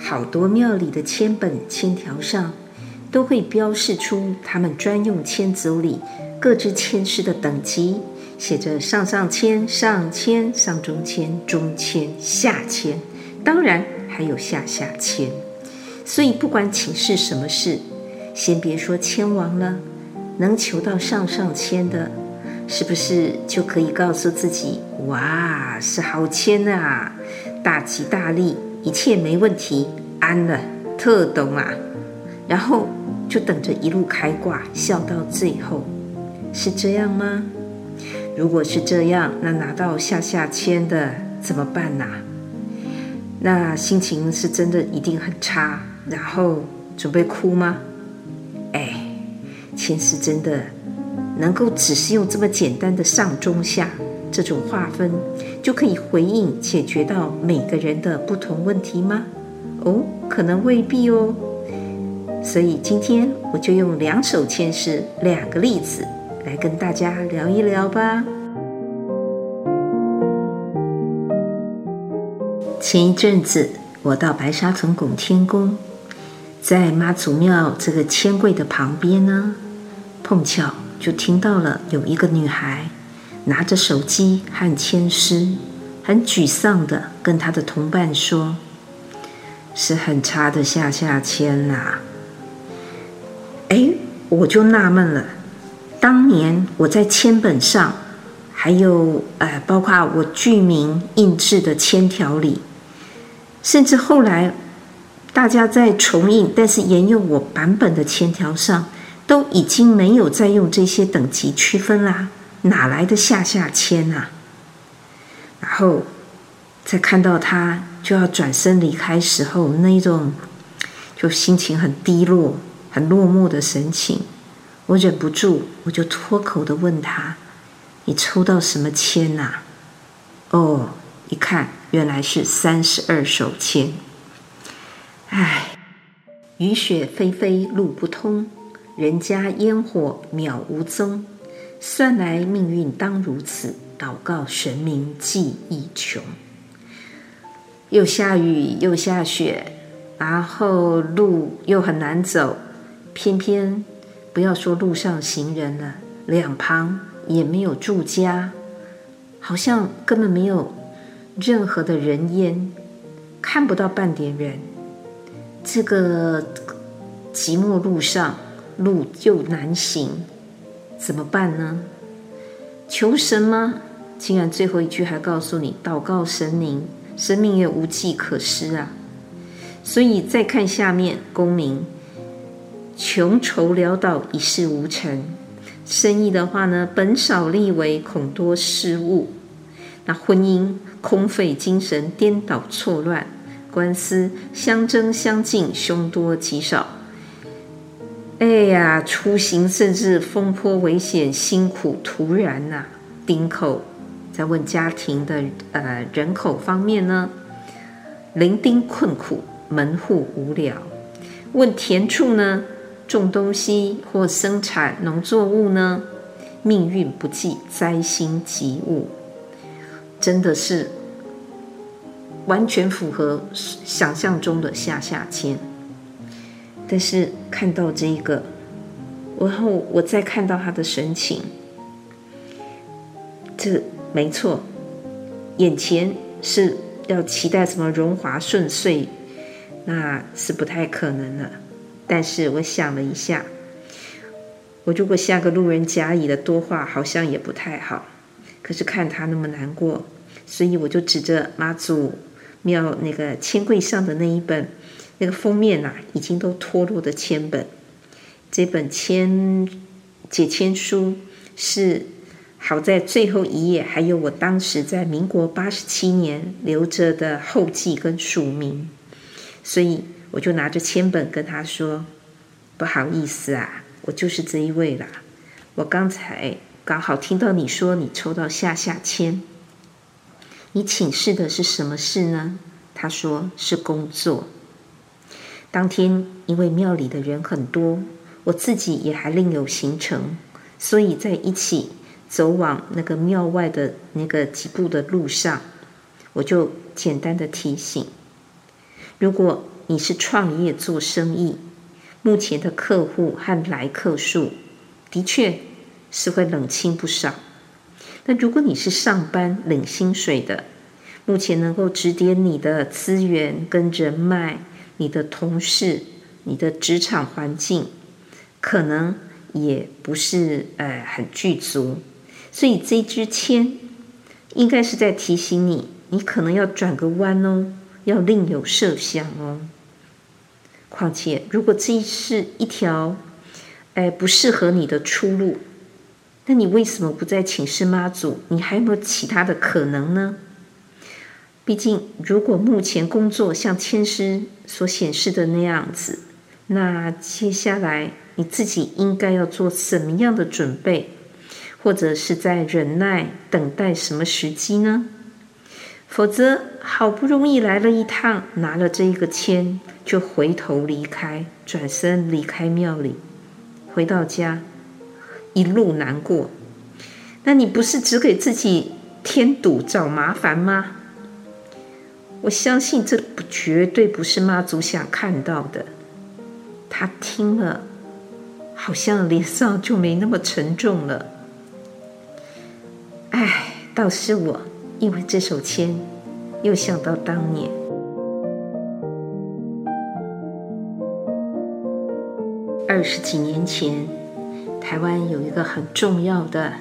好多廟裡的籤本籤條上，都會標示出他們專用籤子裡各支籤詩的等級，寫着上上籤、上籤、上中籤、中籤、下籤，當然還有下下籤。所以不管請示什麼事，先別說籤王了，能求到上上籤的，是不是就可以告訴自己：哇，是好籤啊，大吉大利！一切沒問題，安了，特懂啊，然後就等着一路開掛，笑到最後，是這樣嗎？如果是這樣，那拿到下下籤的怎麼辦吶、啊？那心情是真的一定很差，然後準備哭嗎？哎，籤是真的，能夠只是用這麼簡單的上中下？這種劃分就可以回應解決到每個人的不同問題嗎？哦，可能未必哦。所以今天我就用兩首籤詩兩個例子來跟大家聊一聊吧。前一陣子我到白沙屯拱天宮，在媽祖廟這個籤櫃的旁邊呢，碰巧，就聽到了有一個女孩。拿着手機和籤詩很沮喪地跟他的同伴說：“是很差的下下籤啦。啊，哎，我就納悶了，當年我在籤本上，還有呃，包括我具名印制的籤條裡，甚至後來大家在重印，但是沿用我版本的籤條上，都已經沒有再用這些等級區分啦。哪來的下下籤啊？然後，在看到他就要轉身離開時候，那種就心情很低落、很落寞的神情，我忍不住，我就脫口的問他：“你抽到什麼籤啊？”哦，一看原來是三十二手籤。唉，雨雪霏霏，路不通，人家煙火渺無蹤。算來命運當如此，禱告神明計亦窮。又下雨，又下雪，然後路又很難走。偏偏不要說路上行人了，兩旁也沒有住家，好像根本沒有任何的人煙，看不到半點人。這個寂寞路上，路又難行。怎麼辦呢？求神嗎？竟然最後一句還告訴你禱告神明，神明也無計可施啊！所以再看下面，功名窮愁潦倒，一事無成；生意的話呢，本少利微，恐多失誤；那婚姻空費精神，顛倒錯亂；官司相爭相近，凶多吉少。哎呀，出行甚至風波危險，辛苦徒然吶、啊。丁口在問家庭的呃人口方面呢，零丁困苦，門戶無聊。問田畜呢，種東西或生產農作物呢，命運不濟，災星及物。真的是完全符合想象中的下下籤。但是看到這一個，然後我再看到他的神情，這沒錯，眼前是要期待什麼榮華順遂，那是不太可能了。但是我想了一下，我如果下個路人甲乙的多話，好像也不太好。可是看他那麼難過，所以我就指着媽祖廟那個籤櫃上的那一本。那個封面吶、啊，已經都脫落的籤本。這本籤解籤書是好在最後一頁還有我當時在民國八十七年留着的後記跟署名，所以我就拿着籤本跟他說：“不好意思啊，我就是這一位啦。我剛才剛好聽到你說你抽到下下籤，你請示的是什麼事呢？”他說：“是工作。”當天，因為廟裡的人很多，我自己也還另有行程，所以在一起走往那個廟外的那個幾步的路上，我就簡單的提醒：如果你是創業做生意，目前的客戶和來客數，的確是會冷清不少。但如果你是上班領薪水的，目前能夠指點你的資源跟人脈。你的同事，你的職場環境，可能也不是呃很具足，所以這支籤應該是在提醒你，你可能要轉個彎哦，要另有設想哦。況且，如果這是一條，哎、呃、不適合你的出路，那你為什麼不再請示媽祖？你還有沒有其他的可能呢？畢竟，如果目前工作像籤詩所顯示的那樣子，那接下來你自己應該要做什麼樣的準備，或者是在忍耐等待什麼時機呢？否則，好不容易來了一趟，拿了這一個籤，就回頭離開，轉身離開廟裡，回到家，一路難過，那你不是只給自己添堵、找麻煩嗎？我相信這不絕對不是媽祖想看到的。她聽了，好像臉上就沒那麼沉重了。唉，倒是我因為這首籤，又想到當年二十幾年前，台灣有一個很重要的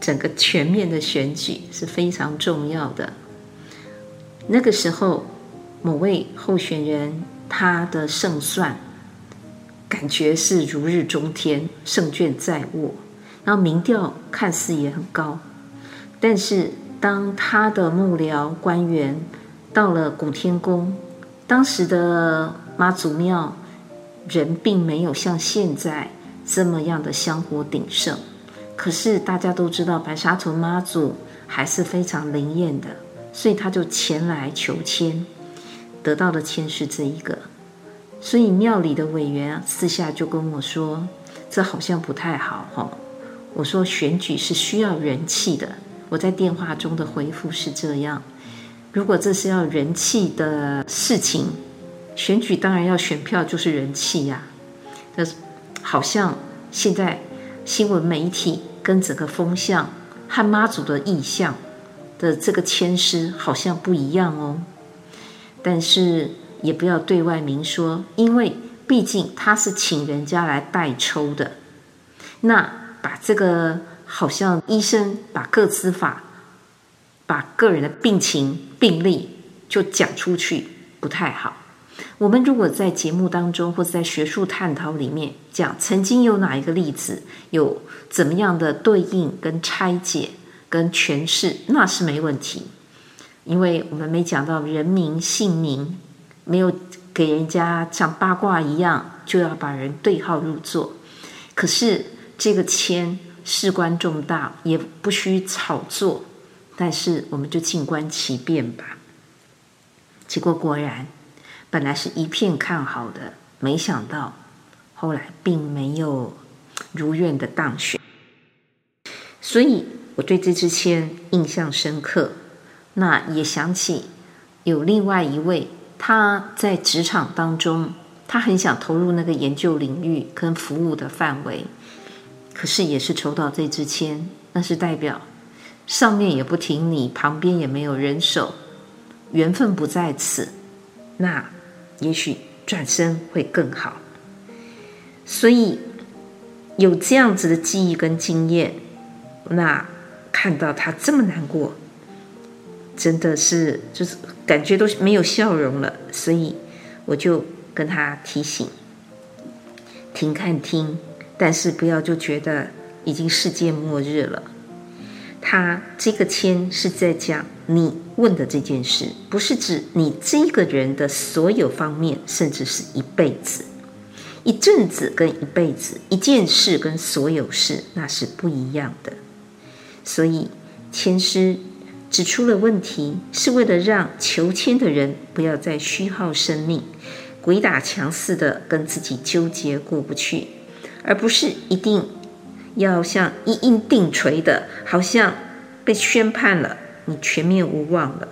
整個全面的選舉是非常重要的。那個時候，某位候選人他的勝算感覺是如日中天，勝券在握。然後民調看似也很高，但是當他的幕僚官員到了拱天宮，當時的媽祖廟人並沒有像現在這麼樣的香火鼎盛。可是大家都知道白沙屯媽祖還是非常靈驗的。所以他就前來求籤，得到的籤是這一個，所以廟裡的委員、啊、私下就跟我說：“這好像不太好哈，哦。”我說：“選舉是需要人氣的。”我在電話中的回復是這樣：“如果這是要人氣的事情，選舉當然要選票，就是人氣呀、啊。”但是好像現在新聞媒體跟整個風向和媽祖的意向。的這個籤詩好像不一樣哦，但是也不要對外明說，因為畢竟他是請人家來代抽的。那把這個好像醫生把個資法、把個人的病情病例就講出去不太好。我們如果在節目當中或者在學術探討裡面講，曾經有哪一個例子有怎麼樣的對應跟拆解跟權勢那是沒問題，因為我們沒講到人民姓名，沒有給人家像八卦一樣，就要把人對號入座。可是這個簽事關重大，也不需炒作，但是我們就靜觀其變吧。結果果然，本來是一片看好的，沒想到後來並沒有如願的當選，所以。我對這支籤印象深刻，那也想起有另外一位，他在職場當中，他很想投入那個研究領域跟服務的範圍，可是也是抽到這支籤，那是代表上面也不挺你，旁邊也沒有人手，緣分不在此，那也許轉身會更好。所以有這樣子的記憶跟經驗，那。看到他這麼難過，真的是就是感覺都沒有笑容了，所以我就跟他提醒：停看聽，但是不要就覺得已經世界末日了。他這個籤是在講你問的這件事，不是指你這個人的所有方面，甚至是一輩子、一陣子跟一輩子、一件事跟所有事，那是不一樣的。所以籤詩指出了問題，是為了讓求籤的人不要再虛耗生命，鬼打牆似的跟自己糾結過不去，而不是一定要像一硬定錘的，好像被宣判了，你全面無望了。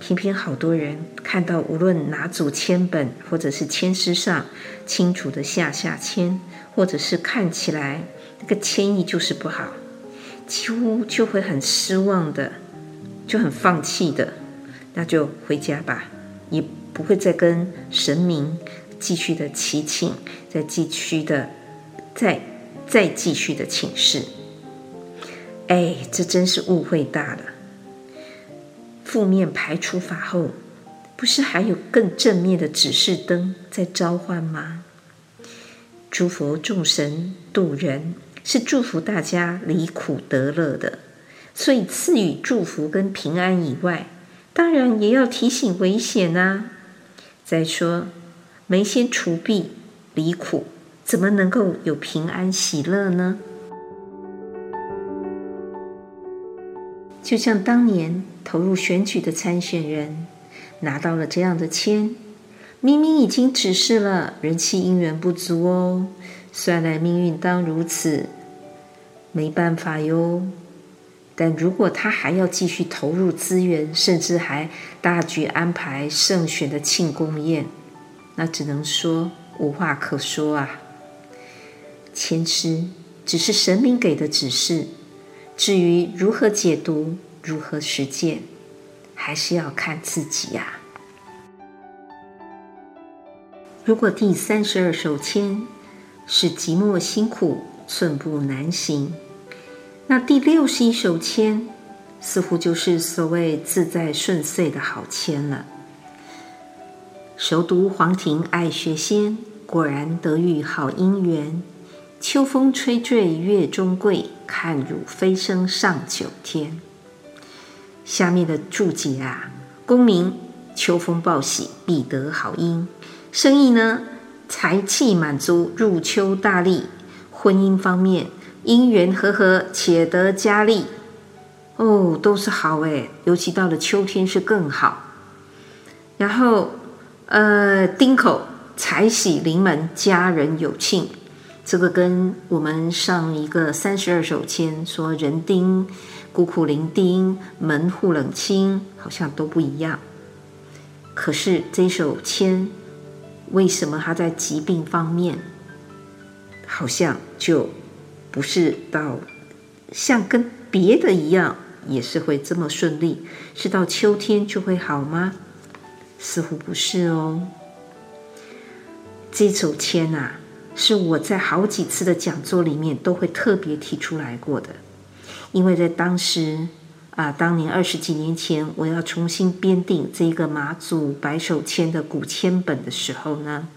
偏偏好多人看到無論哪組籤本或者是籤詩上清楚的下下籤，或者是看起來那個籤意就是不好。幾乎就會很失望的，就很放棄的，那就回家吧，也不會再跟神明繼續的祈請，再繼續的，再再繼續的請示。哎，這真是誤會大了。負面排除法後，不是還有更正面的指示燈在召喚嗎？諸佛眾神渡人，是祝福大家離苦得樂的，所以賜予祝福跟平安以外，當然也要提醒危險啊。再說，沒先除弊，離苦怎麼能夠有平安喜樂呢？就像當年投入選舉的參選人，拿到了這樣的籤，明明已經指示了人氣因緣不足哦。算來命運當如此，沒辦法喲。但如果他還要繼續投入資源，甚至還大舉安排勝選的慶功宴，那只能說無話可說啊。籤詩只是神明給的指示，至於如何解讀、如何實踐，還是要看自己呀、啊。如果第三十二首籤，是寂寞辛苦，寸步難行。那第六十一首籤，似乎就是所謂自在順遂的好籤了。熟讀黃庭愛學仙，果然得遇好姻緣。秋風吹墜月中桂，看汝飛升上九天。下面的注解啊，功名秋風報喜必得好姻，生意呢？財氣滿足，入秋大利。婚姻方面，姻緣和合，合且得佳利。哦，都是好哎，尤其到了秋天是更好。然後，呃，丁口財喜臨門，家人有慶。這個跟我們上一個三十二首籤說人丁孤苦伶仃，門戶冷清好像都不一樣。可是這首籤，為什麼他在疾病方面，好像就不是到像跟別的一樣，也是會這麼順利？是到秋天就會好嗎？似乎不是哦。這首籤啊，是我在好幾次的講座裡面都會特別提出來過的，因為在當時。啊，當年二十幾年前，我要重新編訂這一個媽祖百首籤的古籤本的時候呢，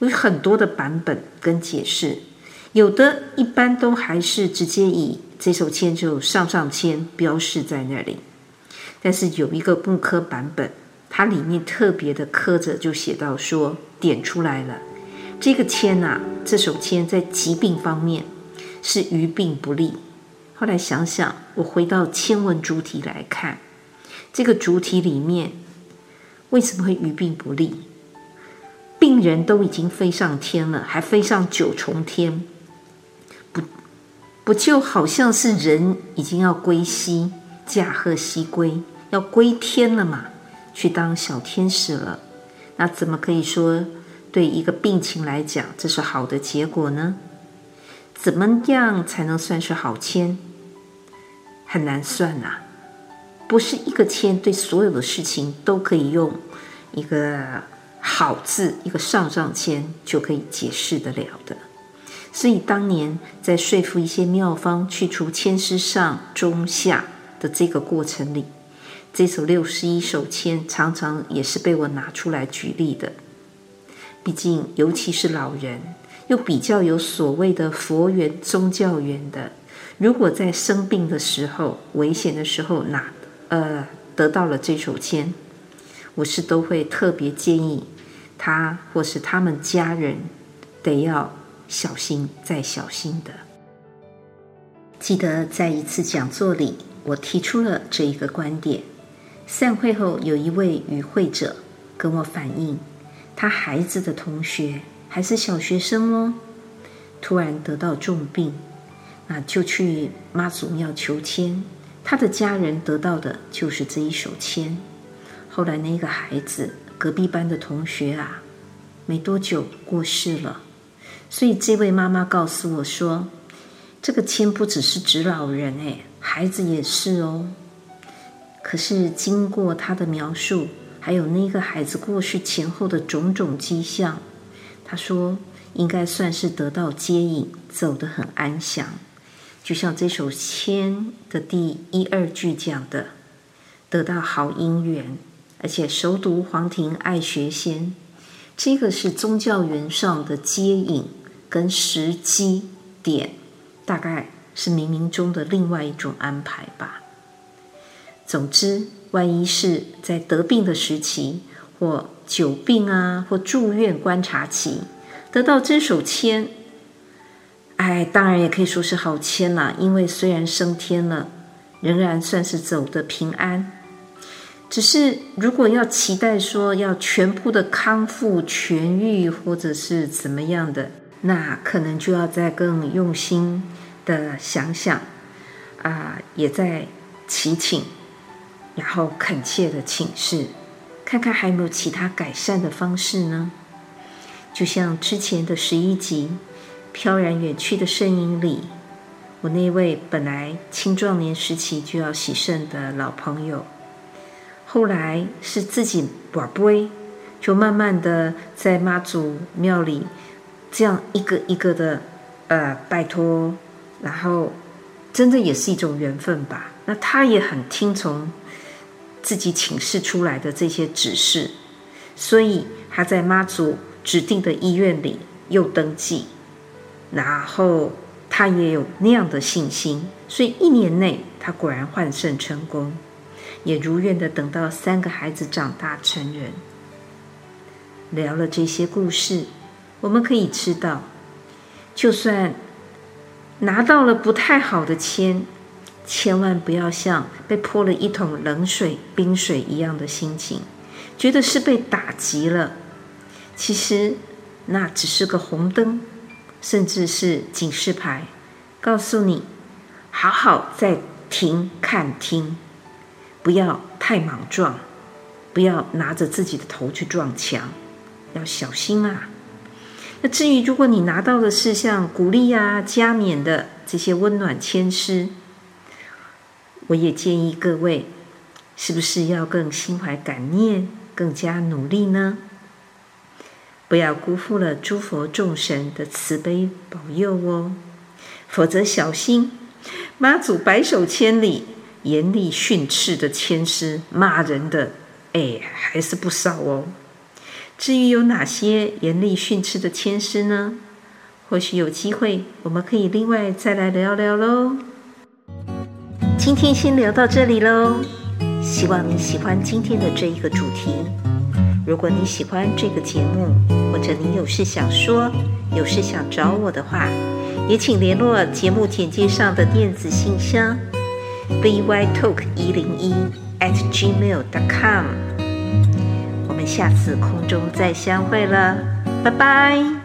有很多的版本跟解釋，有的一般都還是直接以這首籤就上上籤標示在那裡，但是有一個木刻版本，它裡面特別的刻着就寫到說點出來了，這個籤吶、啊，這首籤在疾病方面是於病不利。後來想想，我回到籤文主體來看，這個主體裡面為什麼會於病不利？病人都已經飛上天了，還飛上九重天，不不就好像是人已經要歸西，駕鶴西歸，要歸天了嘛，去當小天使了？那怎麼可以說對一個病情來講，這是好的結果呢？怎麼樣才能算是好籤？很難算吶、啊，不是一個籤對所有的事情都可以用一個好字，一個上上籤就可以解釋得了的。所以當年在說服一些廟方去除籤詩上中下的這個過程裡，這首六十一首籤常常也是被我拿出來舉例的。畢竟，尤其是老人，又比較有所謂的佛緣、宗教緣的。如果在生病的時候、危險的時候拿呃得到了這首籤，我是都會特別建議他或是他們家人得要小心再小心的。記得在一次講座裡，我提出了這一個觀點。散會後，有一位與會者跟我反映，他孩子的同學還是小學生哦，突然得到重病。那就去媽祖廟求籤，他的家人得到的就是這一手籤。後來那個孩子隔壁班的同學啊，沒多久過世了。所以這位媽媽告訴我說，這個籤不只是指老人，欸，孩子也是哦。可是經過他的描述，還有那個孩子過世前後的種種跡象，他說應該算是得到接引，走得很安詳。就像這首籤的第一二句講的，得到好姻緣，而且熟讀黃庭愛學仙，這個是宗教緣上的接引跟時機點，大概是冥冥中的另外一種安排吧。總之，萬一是在得病的時期，或久病啊，或住院觀察期，得到這首籤。哎，當然也可以說是好籤了，因為雖然升天了，仍然算是走的平安。只是如果要期待說要全部的康復、痊癒，或者是怎麼樣的，那可能就要再更用心的想想，啊、呃，也在祈請，然後懇切的請示，看看還有沒有其他改善的方式呢？就像之前的十一集。飄然遠去的身影裡，我那位本來青壯年時期就要洗腎的老朋友，後來是自己跋杯，就慢慢的在媽祖廟裡，這樣一個一個的呃拜託，然後真的也是一種緣分吧。那他也很聽從自己請示出來的這些指示，所以他在媽祖指定的醫院裡又登記，然後他也有那樣的信心，所以一年內他果然換腎成功，也如願的等到三個孩子長大成人。聊了這些故事，我們可以知道，就算拿到了不太好的籤，千萬不要像被潑了一桶冷水、冰水一樣的心情，覺得是被打擊了。其實那只是個紅燈。甚至是警示牌，告訴你：好好再停看聽，不要太莽撞，不要拿着自己的頭去撞牆，要小心啊！那至於如果你拿到的是像鼓勵啊、嘉勉的這些溫暖籤詩，我也建議各位，是不是要更心懷感念，更加努力呢？不要辜負了諸佛眾神的慈悲保佑哦，否則小心！媽祖白手千里，嚴厲訓斥的籤詩罵人的，哎，還是不少哦。至於有哪些嚴厲訓斥的籤詩呢？或許有機會，我們可以另外再來聊聊嘍。今天先聊到這裡嘍，希望你喜歡今天的這一個主題。如果你喜歡這個節目，或者你有事想說，有事想找我的話，也請聯絡節目簡介上的電子信箱 VYtalk 一零一 at gmail dot com。我們下次空中再相會了，拜拜。